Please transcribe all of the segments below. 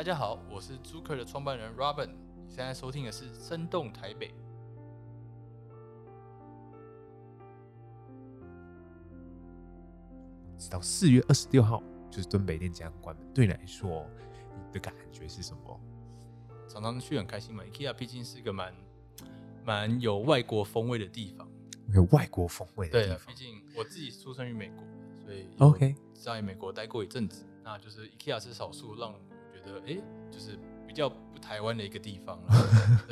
大家好，我是租客、er、的創辦人 Robin。現在收聽的是《聲動台北》。直到四月二十六號，就是敦北店即將關門。對你來說，你的感覺是什麼？常常去很開心嘛。IKEA 畢竟是一個蠻蠻有外國風味的地方，有外國風味的地方。對啊、畢竟我自己出生於美國，所以 OK 在美國待過一陣子。那就是 IKEA 是少數讓覺得、欸、就是比較不台灣的一個地方了。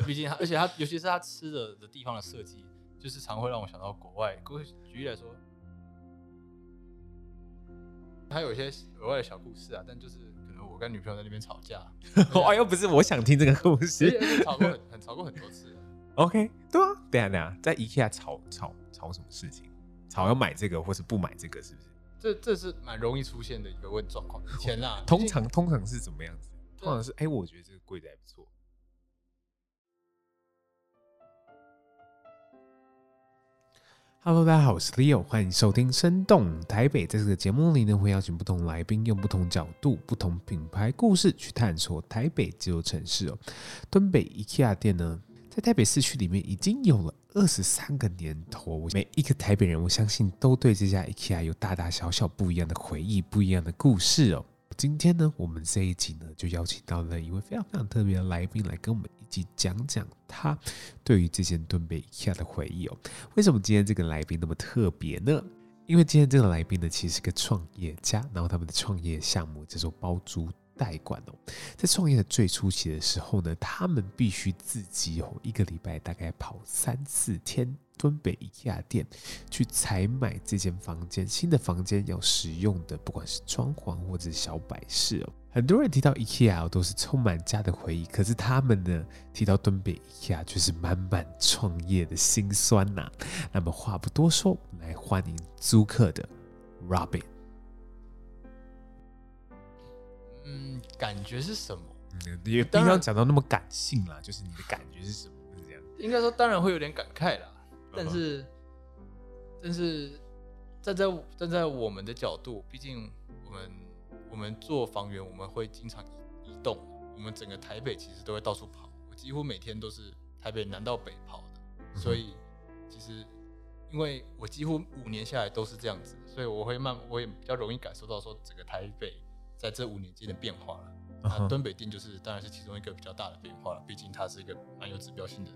畢竟他，而且他，尤其是他吃的的地方的設計，就是常會讓我想到國外。故，以舉例來說，他有一些額外的小故事啊，但就是可能我跟女朋友在那邊吵架。哦， 又、哎、不是我想聽這個故事。吵過很，很吵過很多次。OK，對啊，對啊，對啊，在 IKEA 吵吵吵什麼事情？吵要買這個，或是不買這個，是不是？這這是蠻容易出現的一個問狀況，以前啊。 通常通常是怎麼樣子？對 通常是哎、欸，我覺得這個櫃子還不錯。Hello，大家好，我是 Leo，歡迎收聽《聲動台北》。在這個節目裡呢，會邀請不同來賓，用不同角度、不同品牌故事去探索台北這座城市哦、喔。敦北 IKEA 店呢，在台北市區裡面已經有了二十三個年頭，每一個台北人，我相信都對這家 IKEA 有大大小小不一樣的回憶，不一樣的故事哦。今天呢，我們這一集呢，就邀請到了一位非常非常特別的來賓，來跟我們一起講講他對於這間敦北 IKEA 的回憶哦。為什麼今天這個來賓那麼特別呢？因為今天這個來賓呢，其實是個創業家，然後他們的創業項目叫做包租代。代管哦，在創業的最初期的時候呢，他們必須自己有一個禮拜大概跑三四天，敦北 IKEA 店去採買這間房間新的房間要使用的，不管是裝潢或者小擺飾哦。很多人提到 IKEA 哦，都是充滿家的回憶，可是他們呢提到敦北 IKEA 就是滿滿創業的心酸呐啊。那麼話不多說，來歡迎租客的 Robin。嗯，感覺是什麼？也不要講到那麼感性啦，就是你的感覺是什麼？是這樣，應該說當然會有點感慨啦。 但是，但是站在站在我們的角度，畢竟我們我們做房源，我們會經常移動，我們整個台北其實都會到處跑，我幾乎每天都是台北南到北跑的。所以，其實因為我幾乎五年下來都是這樣子，所以我會慢，慢，我也比較容易感受到說整個台北在這五年間的變化了，那敦北店就是當然是其中一個比較大的變化了。畢竟它是一個蠻有指標性的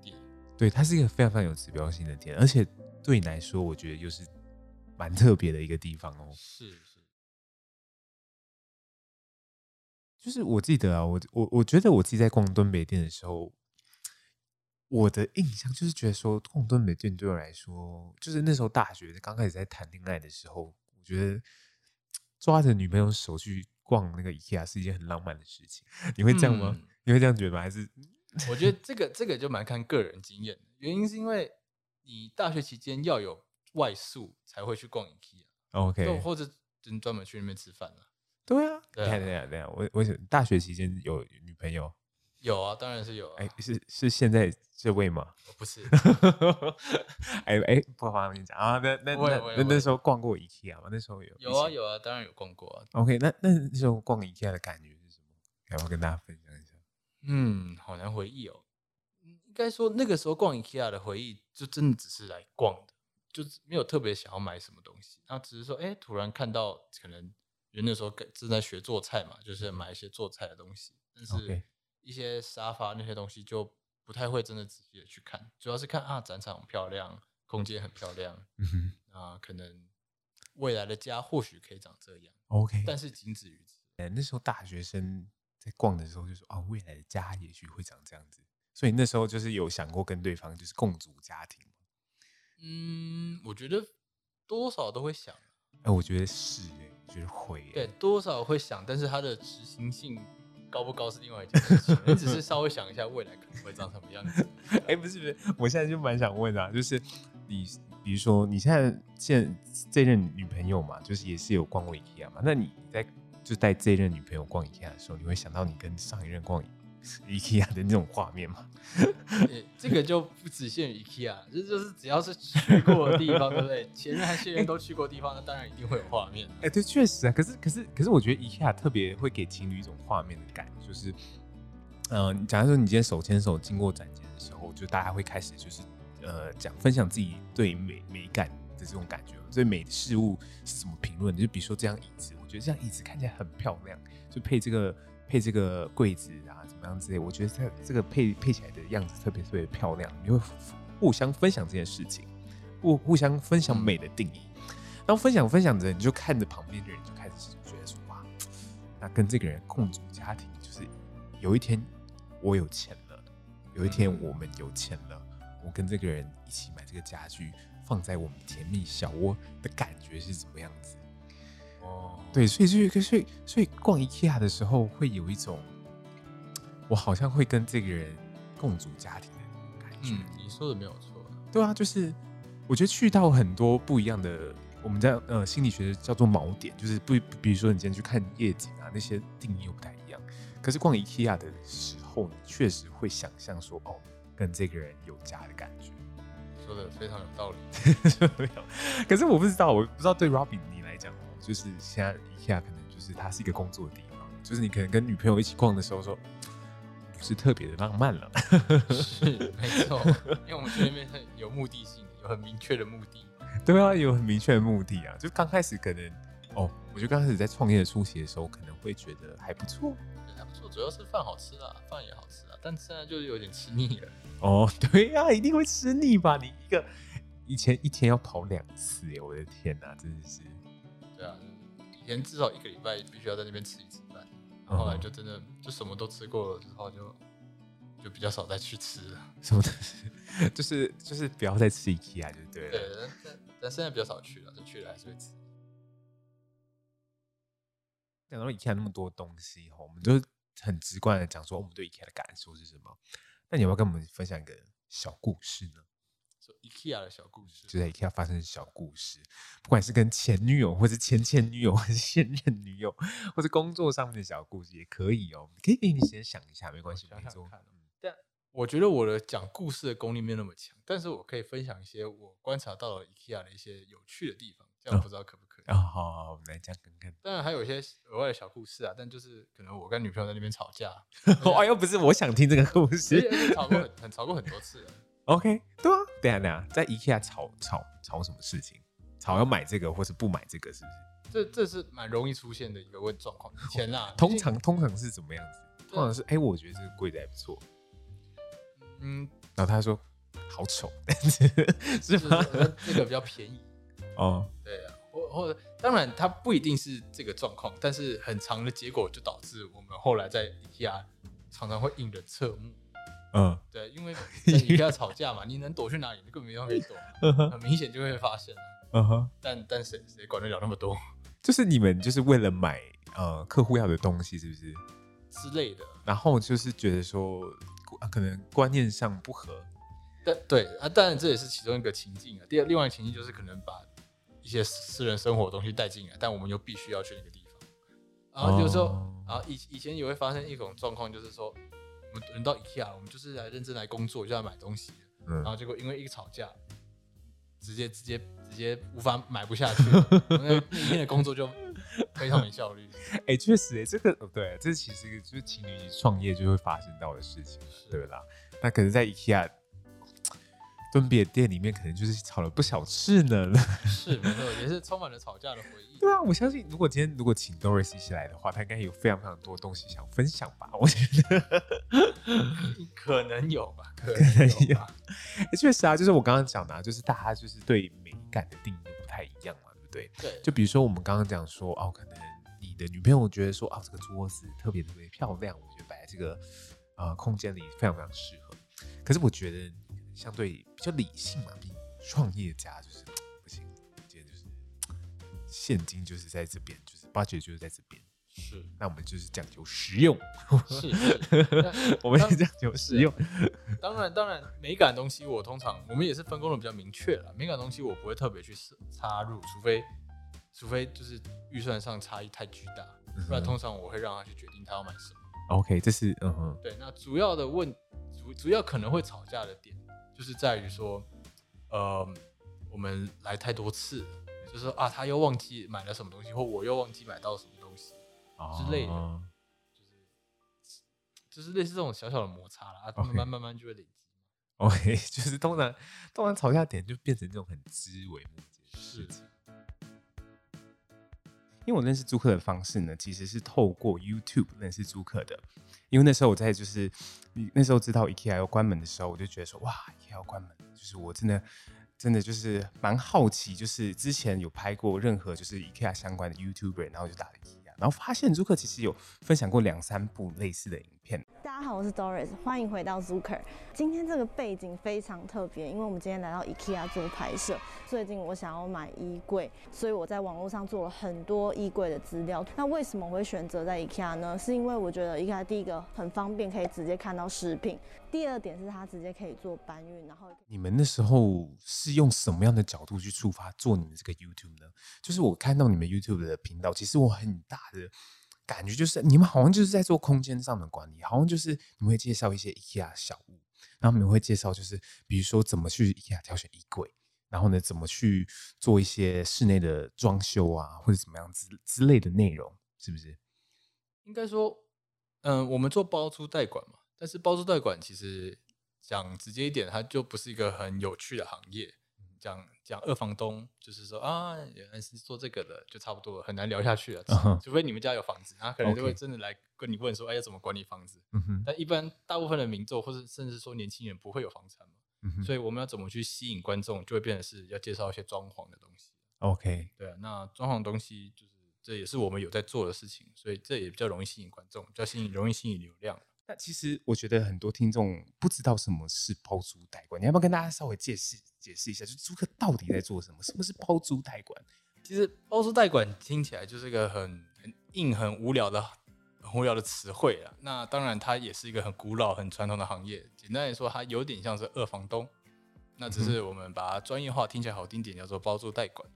店，對，它是一個非常非常有指標性的店，而且對你來說，我覺得又是蠻特別的一個地方哦。是是，是就是我記得啊，我我我覺得我自己在逛敦北店的時候，我的印象就是覺得說逛敦北店對我來說，就是那時候大學剛開始在談戀愛的時候，我覺得。抓着女朋友手去逛那個 IKEA 是一件很浪漫的事情，你會這樣嗎？嗯，你會這樣覺得嗎？還是？我覺得這個 這個就蠻看個人經驗的，原因是因為你大學期間要有外宿才會去逛 IKEA。OK。就或者就專門去那邊吃飯了。對啊，對啊了，對啊，怎樣？我我大學期間有女朋友。有啊，當然是有、啊。哎、欸，是是現在這位嗎？不是。哎哎、 欸欸，不好意思啊。那那喂那那時候逛過 IKEA 嗎？那時候有。有啊，前有，啊有啊，當然有逛過、啊。OK，那那時候逛 IKEA 的感覺是什麼？要不要跟大家分享一下？嗯，好難回憶哦。應該說那個時候逛 IKEA 的回憶，就真的只是來逛的，就是沒有特別想要買什麼東西。那只是說，哎、欸，突然看到可能人那時候正在學做菜嘛，就是買一些做菜的東西。但是。Okay. 一些沙發那些東西就不太會真的仔細的去看，主要是看啊，展場很漂亮，空間很漂亮，嗯、哼啊，可能未來的家或許可以長這樣，OK，但是僅止於此。哎、欸，那時候大學生在逛的時候就說啊，未來的家也許會長這樣子，所以那時候就是有想過跟對方就是共組家庭嗎？嗯，我覺得多少都會想、啊。哎、欸，我覺得是、欸，哎，我覺得會、欸，對，okay, 多少會想，但是它的執行性。高不高是另外一件事情。 你只是稍微想一下未來可能會長什麼樣子。哎，不是不是，我現在就蠻想問啊，就是你比如說你現在現在這任女朋友嘛，就是也是有逛過 IKEA 嘛，那你在就帶這一任女朋友逛 IKEA 的時候，你會想到你跟上一任逛 IKEA。IKEA 的那種畫面嘛、 欸，這個就不只限於 IKEA，就 就是只要是去過的地方， 對不對？前任和現任都去過的地方，那、欸、當然一定會有畫面。哎、欸，對，確實啊。可是，可是，可是，我覺得 IKEA 特別會給情侶一種畫面的感覺，就是，嗯、呃，假如說你今天手牽手經過展間的時候，就大家會開始就是，呃，講分享自己對美美感的這種感覺，對美的事物是什麼評論？就比如說這張椅子，我覺得這張椅子看起來很漂亮，就配這個。配這個櫃子啊，怎麼樣之類？我覺得它這個配配起來的樣子特別特別漂亮。你會互相分享這件事情，互互相分享美的定義。嗯、然後分享分享着，你就看着旁邊的人，就開始覺得說：“哇，那跟這個人共組家庭，就是有一天我有錢了，嗯、有一天我們有錢了，我跟這個人一起買這個家具，放在我們甜蜜小窩的感覺是怎麼樣子？”哦，對，所以就是，所以所以逛 IKEA 的時候，會有一種我好像會跟這個人共組家庭的感覺。嗯，你說的沒有錯啊。對啊，就是我覺得去到很多不一樣的，我們在呃心理學叫做錨點，就是不比如說你今天去看夜景啊，那些定義又不太一樣。可是逛 IKEA 的時候，你確實會想象說，哦，跟這個人有家的感覺。你說的非常有道理 說的沒有，可是我不知道，我不知道對 Robin。就是現在一下可能就是它是一個工作的地方，就是你可能跟女朋友一起逛的時候說，說不是特別的浪漫了。 是沒錯，因為我們去那邊很有目的性，有很明確的目的。對啊，有很明確的目的啊。就剛開始可能哦，我覺得剛開始在創業初期的時候，可能會覺得還不錯，還不錯，主要是飯好吃啊，飯也好吃啊，但現在就是有點吃膩了。哦，對啊，一定會吃膩吧？你一個以前一天要跑兩次，欸，我的天吶，真的是。以前至少一個禮拜必須要在那邊吃一次飯，嗯、後來就真的就什麼都吃過了之後就就比較少再去吃了。什麼都是？就是就是不要再吃 IKEA 就對不對？對，但但現在比較少去了，就去了還是會吃。講到 IKEA 那麼多東西，哈，我們就很直觀的講說我們對 IKEA 的感受是什麼？那你有沒有跟我們分享一個小故事呢？IKEA 的小故事，就是 IKEA 發生的小故事，嗯、不管是跟前女友，嗯、或是前前女友，或是現任女友，或是工作上面的小故事也可以哦。可以給你時間想一下，沒關係，想想看沒做。嗯、但我覺得我的講故事的功力沒有那麼強，但是我可以分享一些我觀察到了 IKEA 的一些有趣的地方，這樣不知道可不可以？啊、哦，哦、好，好，我們來講看看。當然還有一些額外的小故事啊，但就是可能我跟女朋友在那邊吵架，啊 而且、哦，又、哎、不是我想聽這個故事，而且而且吵過很， 很吵過很多次、啊。OK，對啊，對啊，對啊，在 IKEA 吵吵,吵什麼事情？吵要買這個，或是不買這個，是不是？這這是蠻容易出現的一個問狀況。以前啦，通常經通常是怎麼樣子？對通常是哎、欸，我覺得這個櫃子還不錯。嗯，然後他說好醜，是不是？是那 吧個比較便宜。哦，對啊，或或者當然，它不一定是這個狀況，但是很長的結果就導致我們後來在 IKEA 常常會引人側目。嗯，對，因為你不要吵架嘛， 你能躲去哪裡？你根本沒地方躲、啊，很明顯就會發現、啊。嗯哼，但但誰誰管得了那麼多？就是你們就是為了買呃客戶要的東西，是不是之類的？然後就是覺得說、啊、可能觀念上不合，但對啊，當然這也是其中一個情境啊。第二，另外一個情境就是可能把一些私人生活的東西帶進來，但我們又必須要去那個地方。然後就是說，啊、哦，以以前也會發生一種狀況，就是說。我們輪到 IKEA，我們就是來認真來工作，就要買東西，嗯、然後結果因為一個吵架，直接直接直接無法買不下去， 那天的工作就非常沒效率。哎、 欸，確實、欸，哎，這個對，這是其實就是情侶創業就會發生到的事情，是對吧。那可能在 IKEA。敦北店裡面可能就是吵了不少事呢，是沒錯，也是充滿了吵架的回憶。 對啊，我相信如果今天如果請 Doris 一起來的話，他應該有非常非常多東西想分享吧？我覺得、嗯、可能有吧，可能有吧、可能有。欸、確實啊，就是我剛剛講的、啊，就是大家就是對美感的定義不太一樣嘛，對不對？對了。就比如說我們剛剛講說，哦，可能你的女朋友覺得說，啊、哦，這個桌子特別特別漂亮，我覺得擺在這個、呃、空間裡非常非常適合。可是我覺得。相對比較理性嘛，比創業家就是不行，今天就是現金就是在這邊，就是 budget 就是在這邊，是。那我們就是講究實用，是，是， 但我們是講究實用。當然，當然，美感東西我通常我們也是分工的比較明確了，美感東西我不會特別去插插入，除非除非就是預算上差異太巨大，不然通常我會讓他去決定他要買什麼。OK，這是嗯哼，對。那主要的問主主要可能會吵架的點。就是在於說，呃，我們來太多次，就是說啊，他又忘記買了什麼東西，或我又忘記買到什麼東西之類的，哦、就是就是類似這種小小的摩擦啦，啊，慢慢慢慢就會累積。OK，就是通常通常吵架點就變成這種很枝微末節的事情。是因為我認識租客的方式呢，其實是透過 YouTube 認識租客的。因為那時候我在就是，那時候知道 IKEA 要關門的時候，我就覺得說，哇，IKEA 要關門，就是我真的，真的就是蠻好奇，就是之前有拍過任何就是 IKEA 相關的 YouTuber，然後就打了 IKEA，然後發現 Zuker 其實有分享過兩三部類似的影片。大家好，我是 Doris，歡迎回到 Zuker。今天這個背景非常特別，因為我們今天來到 IKEA 做拍攝。最近我想要買衣櫃，所以我在網絡上做了很多衣櫃的資料。那為什麼我會選擇在 IKEA 呢？是因為我覺得 IKEA 第一個很方便，可以直接看到視頻；第二點是它直接可以做搬運。然後你，你們那時候是用什麼樣的角度去觸發做你們這個 YouTube 呢？就是我看到你們 YouTube 的頻道，其實我很大的。感覺就是你們好像就是在做空間上的管理，好像就是你們會介紹一些 IKEA 小物，然後你們會介紹就是比如說怎麼去 IKEA 挑選衣櫃，然後呢怎麼去做一些室內的裝修啊或者怎麼樣之之類的內容，是不是？應該說，嗯、呃，我們做包租代管嘛，但是包租代管其實講直接一點，它就不是一個很有趣的行業。講講二房東，就是說啊，原來是做這個的，就差不多了，很難聊下去了。Uh huh. 除非你們家有房子，啊，可能就會真的來跟你問說，Okay. 哎，要怎麼管理房子？嗯、哼但一般大部分的民眾，或者甚至說年輕人，不會有房產嘛。嗯、哼所以我們要怎麼去吸引觀眾，就會變成是要介紹一些裝潢的東西。OK。對啊，那裝潢的東西就是這也是我們有在做的事情，所以這也比較容易吸引觀眾，比較吸引容易吸引流量。那其實我覺得很多聽眾不知道什麼是包租代管，你要不要跟大家稍微解釋解釋一下？就租客到底在做什麼？什麼是包租代管？其實包租代管聽起來就是一個很很硬、很無聊的、很無聊的詞彙了。那當然，它也是一個很古老、很傳統的行業。簡單來說，它有點像是二房東。那只是我們把它專業化，聽起來好聽點，叫做包租代管。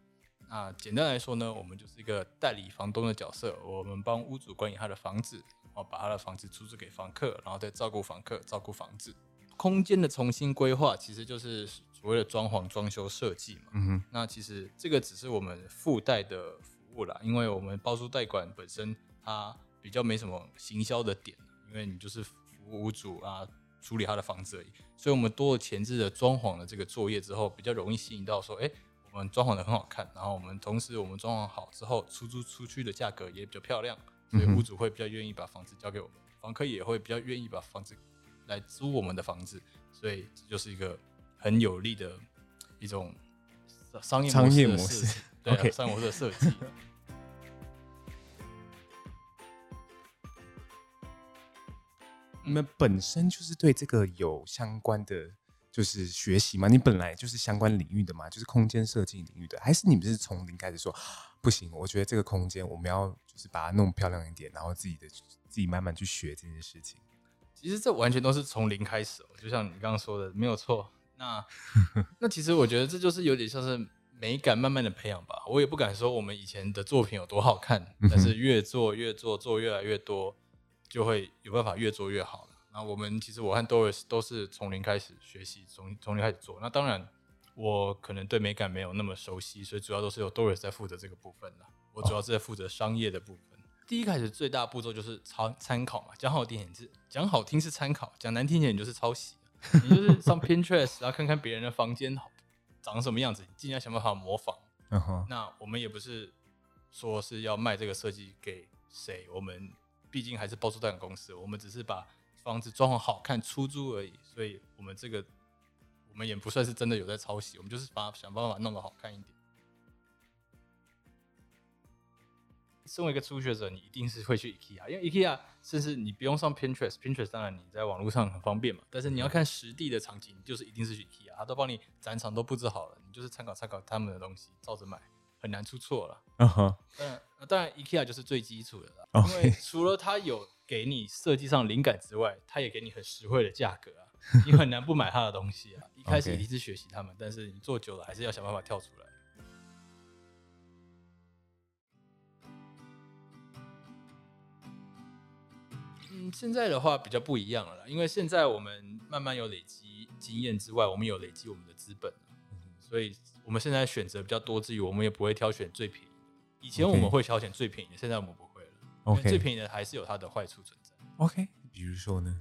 那簡單來說呢，我們就是一個代理房東的角色，我們幫屋主管理他的房子。哦，然後把他的房子出租給房客，然後再照顧房客，照顧房子空間的重新規劃，其實就是所謂的裝潢、裝修設計嘛。嗯哼。那其實這個只是我們附帶的服務啦，因為我們包租代管本身它比較沒什麼行銷的點，因為你就是服務屋主啊處理他的房子而已。所以，我們多了前置的裝潢的這個作業之後，比較容易吸引到說，哎，我們裝潢的很好看。然後我們同時，我們裝潢好之後，出租出去的價格也比較漂亮。所以屋主會比較願意把房子交給我們，嗯、房客也會比較願意把房子來租我們的房子，所以這就是一個很有利的一種商業的商業模式對。Okay 商業模式的設計。 你們本身就是對這個有相關的。就是學習嘛，你本來就是相關領域的嘛，就是空間設計領域的，還是你們是從零開始說，不行，我覺得這個空間我們要就是把它弄漂亮一點，然後自己的自己慢慢去學這件事情。其實這完全都是從零開始喔，就像你剛剛說的，沒有錯。那 那其實我覺得這就是有點像是美感慢慢的培養吧。我也不敢說我們以前的作品有多好看，但是越做越做做越來越多，就會有辦法越做越好了。那、啊、我們其實，我和 Doris 都是從零開始學習，從從零開始做。那當然，我可能對美感沒有那麼熟悉，所以主要都是由 Doris 在負責這個部分了。我主要是在負責商業的部分。哦、第一個開始，最大步驟就是參參考嘛，講好聽點是講好聽是參考，講難聽點就是抄襲。 你就是上 Pinterest，然後看看別人的房間好長什麼樣子，盡量想辦法模仿。Uh huh、那我們也不是說是要賣這個設計給誰，我們畢竟還是包租代管公司，我們只是把。房子裝潢好看，出租而已，所以我們這個我們也不算是真的有在抄襲，我們就是把想辦法弄得好看一點。身為一個初學者，你一定是會去 IKEA，因為 IKEA，甚至你不用上 Pinterest，Pinterest 當然你在網絡上很方便嘛，但是你要看實地的場景，你就是一定是去 IKEA，他都幫你展場都布置好了，你就是參考參考他們的東西，照着買，很難出錯了。嗯哼，當然，當然 IKEA 就是最基礎的了，因為除了它有。給你設計上靈感之外，他也給你很實惠的價格啊，你很難不買他的東西啊。 一開始一直學習他們，Okay. 但是你做久了還是要想辦法跳出來。嗯，現在的話比較不一樣了啦，因為現在我們慢慢有累積經驗之外，我們有累積我們的資本，嗯，所以我們現在選擇比較多之餘，我們也不會挑選最便宜。以前我們會挑選最便宜，Okay. 現在我們。Okay. 最便宜的還是有它的壞處存在。OK，比如說呢，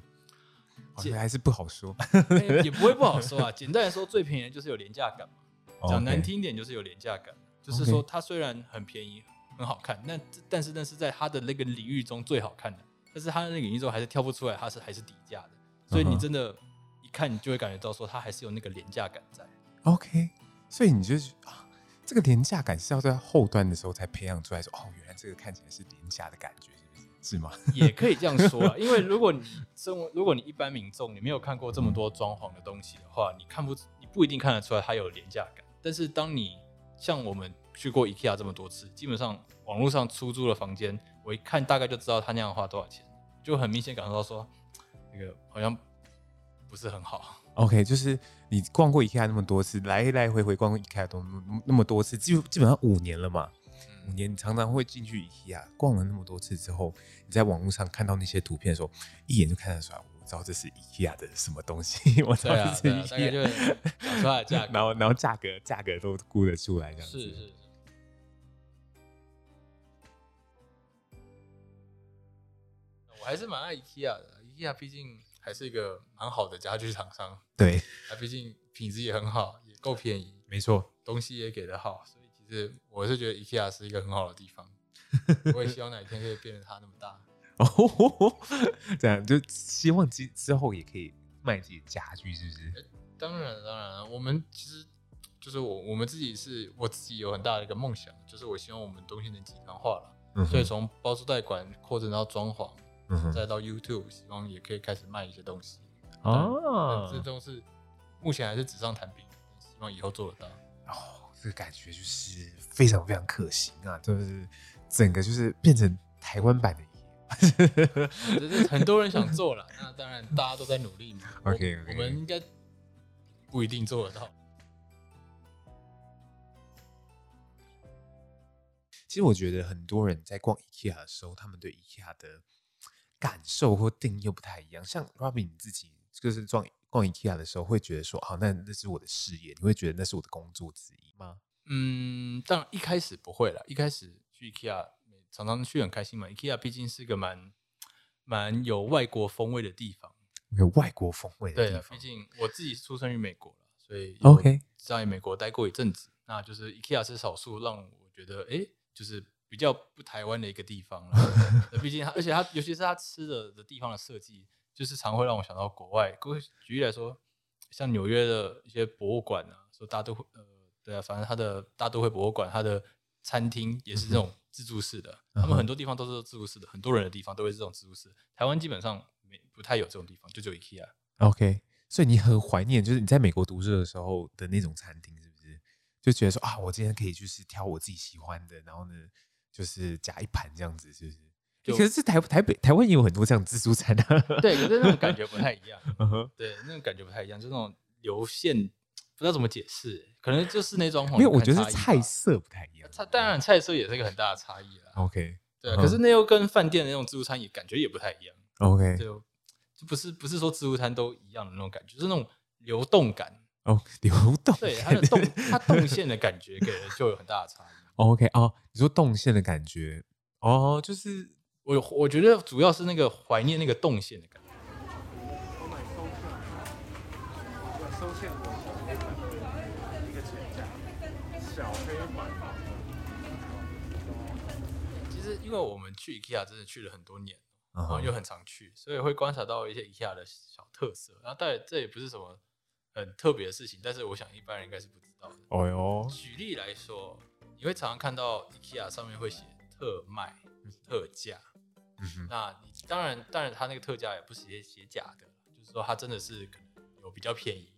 是還是不好說解、 欸，也不會不好說啊。簡單來說，最便宜的就是有廉價感嘛。講 Okay. 難聽點，就是有廉價感，就是說它雖然很便宜，Okay. 很好看，那但，但是那是在它的那個領域中最好看的，但是它的那個領域中還是跳不出來，它是還是低價的。所以你真的，一看你就會感覺到說，它還是有那個廉價感在。Uh huh. OK，所以你就啊，這個廉價感是要在後端的時候才培養出來，說哦。這個看起來是廉價的感覺，是不是？是嗎？也可以這樣說啊，因為如果你生活，如果你一般民眾，你沒有看過這麼多裝潢的東西的話，你看不，你不一定看得出來它有廉價感。但是當你像我們去過 IKEA 這麼多次，基本上網絡上出租的房間，我一看大概就知道他那樣花多少錢，就很明顯感受到說，那個好像不是很好。OK，就是你逛過 IKEA 那麼多次，來來回回逛過 IKEA 都那麼多次，基基本上五年了嘛。五年常常會進去 IKEA，逛了那麼多次之後，你在網絡上看到那些圖片的時候，一眼就看得出來，我知道這是 IKEA 的什麼東西，我知道是 IKEA，啊啊、 然後然後價格價格都估得出來，這樣子。是、是、是。我還是蠻愛 IKEA 的，IKEA 畢竟還是一個蠻好的家具廠商。對，它畢竟品質也很好，也夠便宜，沒錯，東西也給的好。是，我是覺得 IKEA 是一個很好的地方， 我也希望哪一天可以變得它那麼大。哦，這樣就希望之之後也可以賣自己家具，是不是？欸、當然當然，我們其、就、實、是、就是我我們自己是我自己有很大的一個夢想，就是我希望我們東西能集團化了。嗯、哼所以從包租代管擴展到裝潢，嗯、哼再到 YouTube，希望也可以開始賣一些東西。啊、嗯哼，這都是目前還是紙上談兵，希望以後做得到。哦這個感覺就是非常非常可行啊！就是整個就是變成台灣版的， 很多人想做了，那當然大家都在努力嘛。 OK，okay. 我，我們應該不一定做得到。其實我覺得很多人在逛 IKEA 的時候，他們對 IKEA 的感受或定義又不太一樣。像 Robin 你自己就是撞。逛 IKEA 的時候會覺得說，好、啊，那那是我的事業，你會覺得那是我的工作之一嗎？嗯，但一開始不會了，一開始去 IKEA 常常去很開心嘛。IKEA 畢竟是一個蠻蠻有外國風味的地方，有外國風味的地方。對，畢竟我自己出生於美國，所以 OK 在美國待過一陣子，Okay. 那就是 IKEA 是少數讓我覺得，哎、欸，就是比較不台灣的一個地方了。畢 竟，而且它，尤其是它吃的的地方的設計。就是常會讓我想到國外，舉舉例來說，像紐約的一些博物館啊，說大都會，呃，對啊，反正它的大都會博物館，它的餐廳也是這種自助式的，他、嗯、哼們很多地方都是自助式的，很多人的地方都會是這種自助式。台灣基本上沒不太有這種地方，就只有 IKEA。OK，所以你很懷念，就是你在美國讀書的時候的那種餐廳，是不是？就覺得說啊，我今天可以就是挑我自己喜歡的，然後呢，就是夾一盤這樣子，是不是？就可是，是台台北台灣也有很多這樣自助餐的啊。對，可是那種感覺不太一樣。 對，那種感覺不太一樣，就是、那種流線，不知道怎麼解釋，可能就是那種，況。因為我覺得是菜色不太一樣。它、啊、當然菜色也是一個很大的差異了。OK。對，可是那又跟飯店的那種自助餐也感覺也不太一樣。OK 就，就不是不是說自助餐都一樣的那種感覺，就是那種流動感。哦，oh, 流動。對，它的動它動線的感覺給人就有很大的差異。 oh, OK 哦、oh，你說動線的感覺，哦、oh，就是。我我覺得主要是那個懷念那個動線的感覺。其實因為我們去宜 a 真的去了很多年，然後又很常去，所以會觀察到一些宜 a 的小特色。然後但這也不是什麼很特別的事情，但是我想一般人應該是不知道的。哦喲，舉例來說，你會常常看到宜 a 上面會寫特賣、特價。嗯、那你當然，當然，他那個特價也不是寫寫假的，就是說他真的是可能有比較便宜。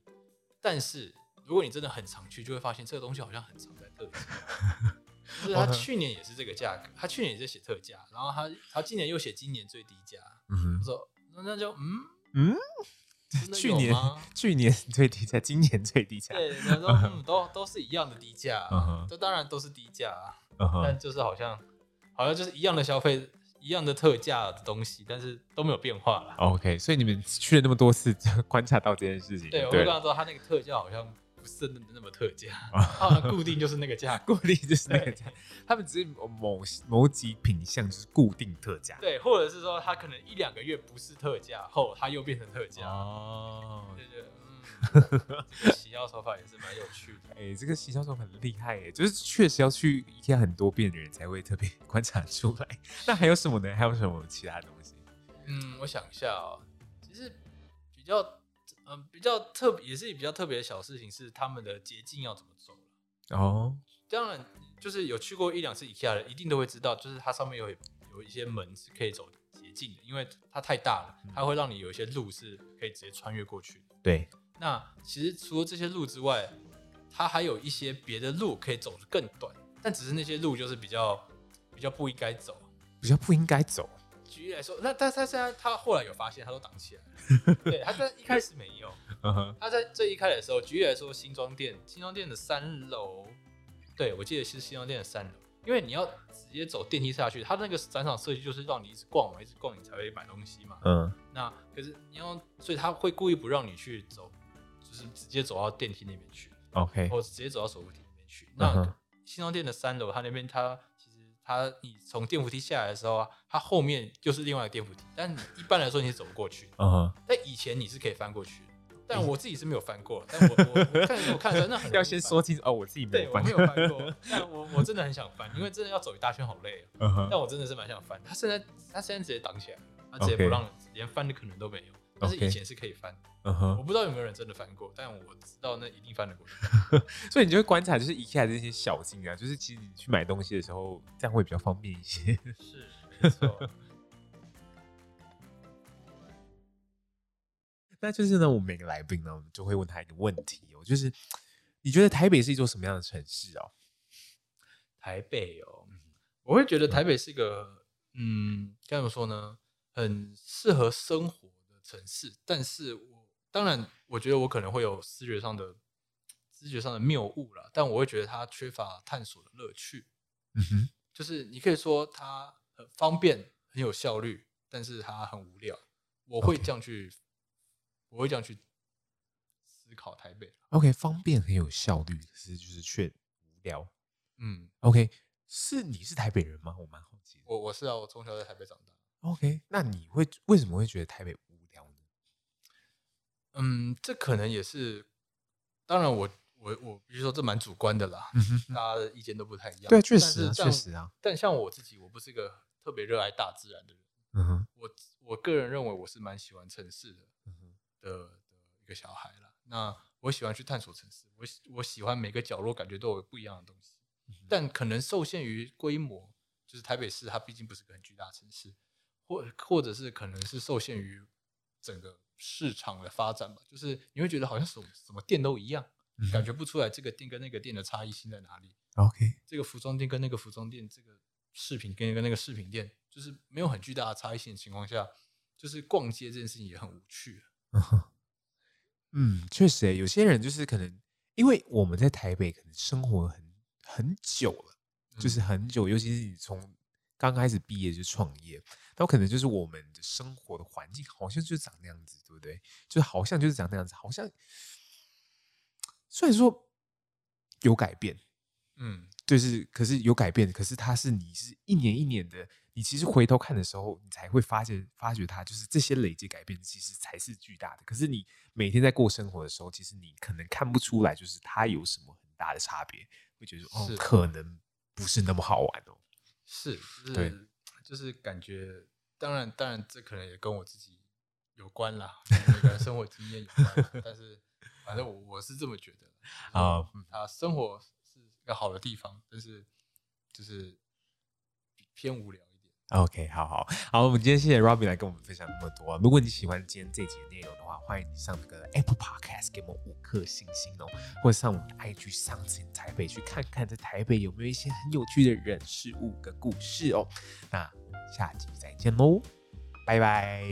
但是如果你真的很常去，就會發現這個東西好像很常在特價。 就是他去年也是這個價格，他去年也在寫特價，然後他他今年又寫今年最低價。嗯哼說那就嗯嗯，去年去年最低價，今年最低價。對，他說嗯，哼嗯，都都是一樣的低價、啊，這、嗯、哼當然都是低價、啊，嗯、哼但就是好像好像就是一樣的消費。一樣的特價的東西，但是都沒有變化啦。OK，所以你們去了那麼多次，觀察到這件事情。對，我就跟他說，他了那個特價好像不是那麼特價好像、哦、固定就是那個價， 固定就是那個價。對他們只是某某幾品項是固定特價，對，或者是說他可能一兩個月不是特價後，他又變成特價哦。就是行銷 手法也是蠻有趣的。哎、欸，這個行銷手法很厲害哎，就是確實要去 IKEA 很多遍的人才會特別觀察出來。 那還有什麼呢？還有什麼其他東西？嗯，我想一下哦、喔。其實比較嗯、呃、比較特別，也是比較特別的小事情是他們的捷徑要怎麼走。哦，當然就是有去過一兩次 IKEA 的一定都會知道，就是它上面有有一些門是可以走捷徑的，因為它太大了，它會讓你有一些路是可以直接穿越過去的、嗯。對。那其實除了這些路之外，它還有一些別的路可以走得更短，但只是那些路就是比較比較不應該走，比較不應該走。走舉例來說，那他他現在他後來有發現，他都擋起來了。 對他在一開始沒有，他、 uh、huh. 在最一開始的時候，舉例來說，新莊店，新莊店的三樓，對我記得是新莊店的三樓，因為你要直接走電梯下去，他那個展場設計就是讓你一直逛嘛，一直逛你才會買東西嘛。嗯、uh。Huh. 那可是你要，所以他會故意不讓你去走。就是直接走到電梯那邊去是，OK，或是直接走到手扶梯那邊去。那、uh huh. 新莊店的三樓，它那邊它其實它，你從電扶梯下來的時候啊，它後面又是另外一個電扶梯，但一般來說你走不過去。嗯、uh。Huh. 但以前你是可以翻過去但我自己是沒有翻過。但我看我,我看到那 要先說清楚哦，我自己沒有翻,沒有翻過。 但我我真的很想翻，因為真的要走一大圈好累啊。Uh huh. 但我真的是蠻想翻，它現在他現在直接擋起來了，它直接不讓，Okay. 連翻的可能都沒有。但是以前是可以翻的，嗯哼、okay, uh，huh、我不知道有沒有人真的翻過，但我知道那一定翻得過。 所以你就會觀察，就是以下這些小金啊，就是其實你去買東西的時候，這樣會比較方便一些。 是。沒錯。 那就是呢，我們每個來賓呢，我們就會問他一個問題、哦，我就是你覺得台北是一座什麼樣的城市哦？台北哦，我會覺得台北是一個，嗯，該怎麼說呢？很適合生活。城市，但是我當然，我覺得我可能會有視覺上的、視覺上的謬誤了，但我會覺得它缺乏探索的樂趣。嗯哼，就是你可以說它很方便、很有效率，但是它很無聊。我會這樣去，Okay. 我會這樣去思考台北。OK，方便很有效率，可是就是卻無聊。嗯，OK，是你是台北人嗎？我蠻好奇。我我是啊，我從小在台北長大。OK，那你會為什麼會覺得台北無聊？嗯，這可能也是，當然我我我，我必須說這蠻主觀的啦，嗯、哼大家的意見都不太一樣。對，確實、啊、但但確實啊。但像我自己，我不是一個特別熱愛大自然的人。嗯哼，我我個人認為我是蠻喜歡城市的，嗯、哼的，的一個小孩啦。那我喜歡去探索城市，我我喜歡每個角落，感覺都有不一樣的東西。嗯、哼但可能受限於規模，就是台北市它畢竟不是個很巨大的城市，或或者是可能是受限於整個。市場的發展吧，就是你會覺得好像什麼什麼店都一樣，嗯、哼感覺不出來這個店跟那個店的差異性在哪裡？OK，這個服裝店跟那個服裝店，這個飾品跟那個飾品店，就是沒有很巨大的差異性的情況下，就是逛街這件事情也很無趣。嗯，確實、欸、有些人就是可能因為我們在台北可能生活很很久了，嗯、就是很久，尤其是你從。剛開始畢業就創業，那可能就是我們的生活的環境好像就長那樣子，對不對？就好像就是長那樣子，好像雖然說有改變，嗯，就是可是有改變，可是它是你是一年一年的，你其實回頭看的時候，你才會發現發覺它，就是這些累積改變其實才是巨大的。可是你每天在過生活的時候，其實你可能看不出來，就是它有什麼很大的差別，會覺得哦，的可能不是那麼好玩哦。是，就是對就是感覺，當然當然，這可能也跟我自己有關啦，跟生活經驗有關啦， 但是反正我我是這麼覺得，就是 oh. 嗯，啊。他生活是一個好的地方，但是就是偏無聊。OK，好好好，我們今天謝謝 Robin 來跟我們分享那麼多。如果你喜歡今天這集的內容的話，歡迎你上那個 Apple Podcast 給我們五顆星星哦，或者上我們的 IG Sounds in 台北去看看，在台北有沒有一些很有趣的人事物跟故事哦。那下集再見嘍，拜拜。